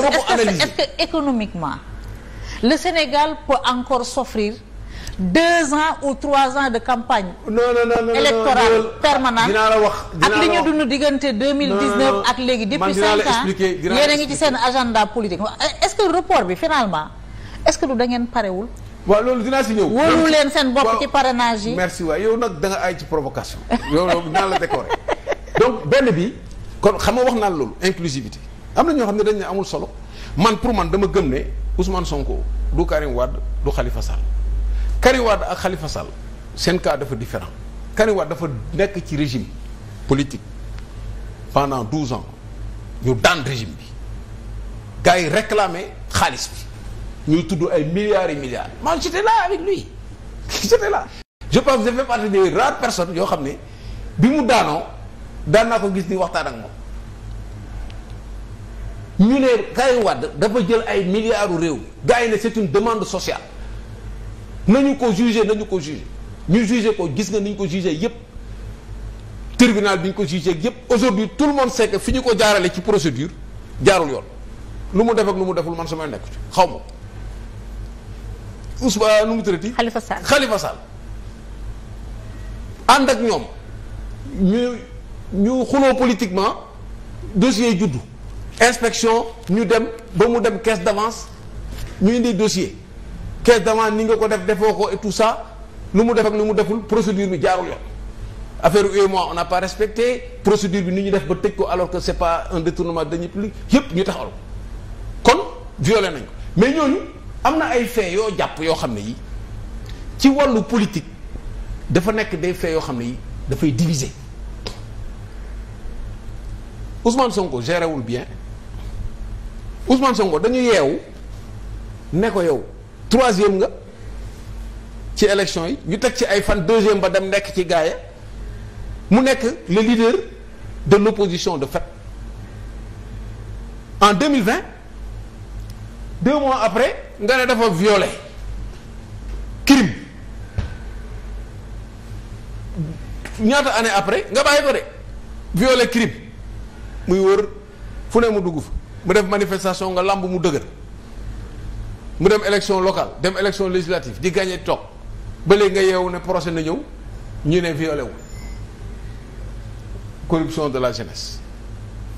dama ko analyser économiquement le Sénégal peut encore s'offrir deux ans ou trois ans de campagne. non non non dinaa la wax ak li ñu dund diggante deux mille ak léegi. depuis cinq ans yéen a ngi ci seen agenda politique est bi finalement est que du da ngeen parewul. waaw loolu dinaa si ñëw. wóolu leen seen bopp ci parrainage yi. merci waay yow nag da nga ay ci provocation. yow la décorer donc benn bi kon xam nga wax naa loolu inclusivité. am na ñoo xam ne dañ ne amul solo man pour man dama gëm ne Ousmane Sonko du Karim Wade du Khalifa Sall Karim Wade ak Khalifa Sall seen dafa différent Karim Wade dafa nekk ci régime politique pendant douze ans ñu daan régime bi gars yi réclamé xaalis bi ñuy tudd ay milliards et milliards man j'étais là avec lui j'étais là je pense que je fais partie personnes yoo xam ne bi mu daanoo daan naa ko gis ni waxtaan ak moom ñu ne Karim Wade dafa jël ay milliards réew mi gars yi ne c'est une demande sociale nañu ko jugé nañu ko jugé ñu jugé ko gis nga ni ñu ko jugé yëpp tribunal bi ñu ko yëpp yépp aujourd'hui tout le monde sait fi ñu ko jaarale ci procédure jaarul yoon lu mu def ak lu mu deful man sama nekk ci xaw ma Ousmane nu mu tërati Khalifa Sall Khalifa Sall ànd ak ñoom ñu ñu xuloo politiquement dossier juddu inspection ñu dem ba mu dem caisse d'avance ñu indi dossier caisse d'avance ni nga ko def defoo ko et tout ça lu mu def ak lu mu deful procédure bi jaarul yoon affaire UEMOA on n'a pas respecté procédure bi ni ñu def ba tëj ko alors que c'est pas un détournement de deniers publics ñu tax ko kon violé nañ ko mais ñooñu am na ay faits yoo jàpp yoo xam ne yi ci wàllu politique dafa nekk day faits yoo xam ne yi dafay diviser Ousmane Sonko gérewul bien Ousmane Sonko dañu yeewu ne ko yow troisième nga ci élection yi ñu teg ci ay fan deuxième ba dem nekk ci gaaya mu nekk le leader de l'opposition de fait en 2020 deux mois après nga ne dafa violé crime ñaata année après nga bàyyi ko de violé crime muy wër fu ne mu dugg fa mu def manifestation nga làmb mu dëgër mu dem élection locale dem élection législative di gagné toog ba nga yeewu ne procès na ñëw ñu ne violé wu corruption de la jeunesse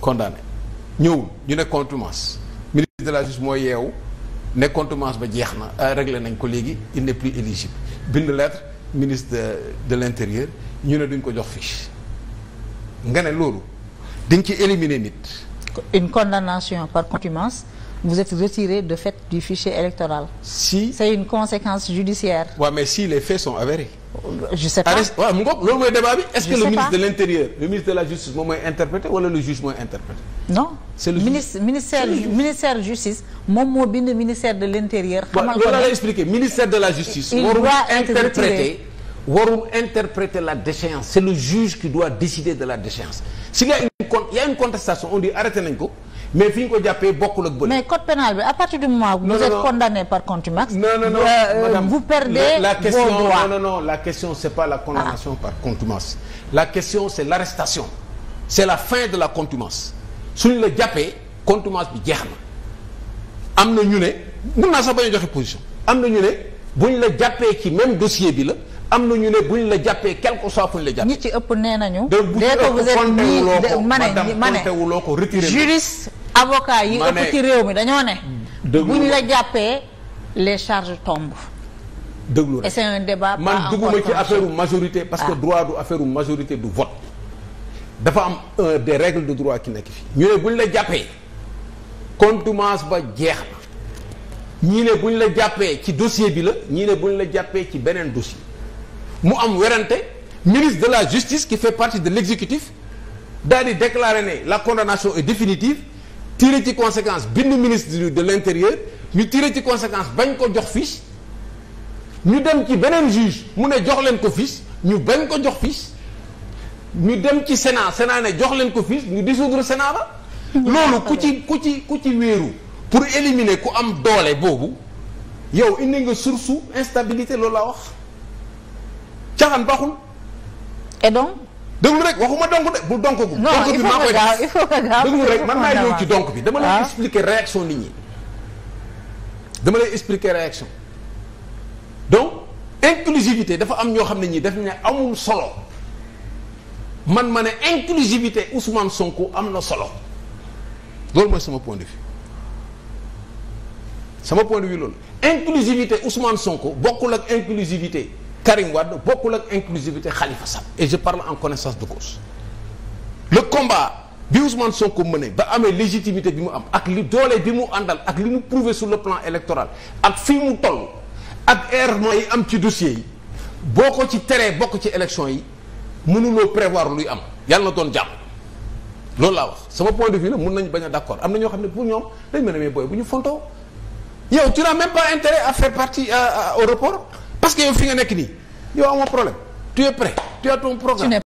condamné ñëwul ñu ne contumace ministre de la justice mooy yeewu ne contumace ba jeex na euh, réglé nañ ko léegi il n'est plus éligible bind lettre ministre de l'intérieur ñu ne duñ ko jox fiche nga ne loolu dañ ci éliminer nit une condamnation par contumace vous êtes retiré de fait du fichier électoral. c'est une conséquence judiciaire. waaw ouais, mais si les faits sont avérés. je sais pas waaw mu ngoog loolu mooy débat bi. est-ce que le ministre de l'intérieur le ministre de la justice moom mooy ministre ministère ministère justice moom moo bind ministère de l'intérieur. xamal ko loolu laa expliqué ministère de la justice. il doit interpréter warul interpréter la déchéance. c'est le juge qui doit décider de la déchéance si nga. con y a contestation on dit arrêté nañ ko mais fi ñu ko jàppee bokkul ak bële. mais code pénal bi à partir du moment. non non vous par contumace. non non non euh, euh, madame vous perdez la, la question, vos droits. non non c'est pas la condamnation par contumace la question c'est l'arrestation c'est la fin de la contumace suñu la jàppee contumace bi jeex na am na ñu ne mën naa sax bañ joxe position am na ñu ne ñu la jàppee ci même dossier bi la. am na ñu ne buñ la jàppee quelque soit fuñ la jàppee. ñi ci ëpp nee nañu. dès que vous êtes mis ma ne ma ne juriste avocat yi ëpp ci réew mi dañoo ne. buñ la jàppee les charges tombent. dëglu rek et c'est un débat man dugguma ci affaire majorité parce que ah. droit du affaire majorité du vote dafa am des règles de droit ki nekk fi ñu ne buñ la jàppee contumace ba jeex na ñii ne buñ la jàppee ci dossier bi la ñi ne buñ la jàppee ci beneen dossier mu am werante ministre de la justice qui fait partie de l'exécutif daal di déclarer ne la condamnation et définitive tiré ci conséquence bind ministre de l'intérieur ñu tiré ci conséquence bañ ko jox fiche ñu dem ci beneen juge mu ne jox leen ko fiche ñu bañ ko jox fiche ñu dem ci Sénat Sénat ne jox leen ko fiche ñu dissoudre Sénat ba loolu ku ci ku ci ku ci wéeru pour éliminer ku am doole boobu yow indi nga source instabilité loolu laa wax caaxaan baaxul. et donc. déglu rek waxuma donc de bu donc gu. non il faut que gaaw il faut que gaaw bi dama lay ah. expliquer réaction nit ñi dama lay expliquer réaction donc inclusivité dafa am ñoo xam ne ñii daf ne amul solo man ma ne inclusivité Ousmane sonku am na solo loolu mooy sama point de vue sama point de vue loolu inclusivité Ousmane Sonko bokkul ak inclusivité. Karim Wade bokkul ak inclusivité Khalifa Sall et je parle en connaissance de cause le combat bi Ousmane Sonko mëne ba amee légitimité bi mu am ak li doole bi mu àndal ak li mu prouvé sur le plan électoral ak fii mu toll ak errement yi am ci dossier yi boo ko ci teree bokk ci élection yi mënuloo prévoir luy am yàlla na doon jàmm loolu laa wax sama point de vue la mun nañ bañ a d'accord am na ñoo xam ne pour ñoom dañ mën a may booy bu ñu fontoo yow tu n'as même pas à faire partie au parce que yow fi nga nekk nii yow amoo problème tu es prêt tu as ton programme.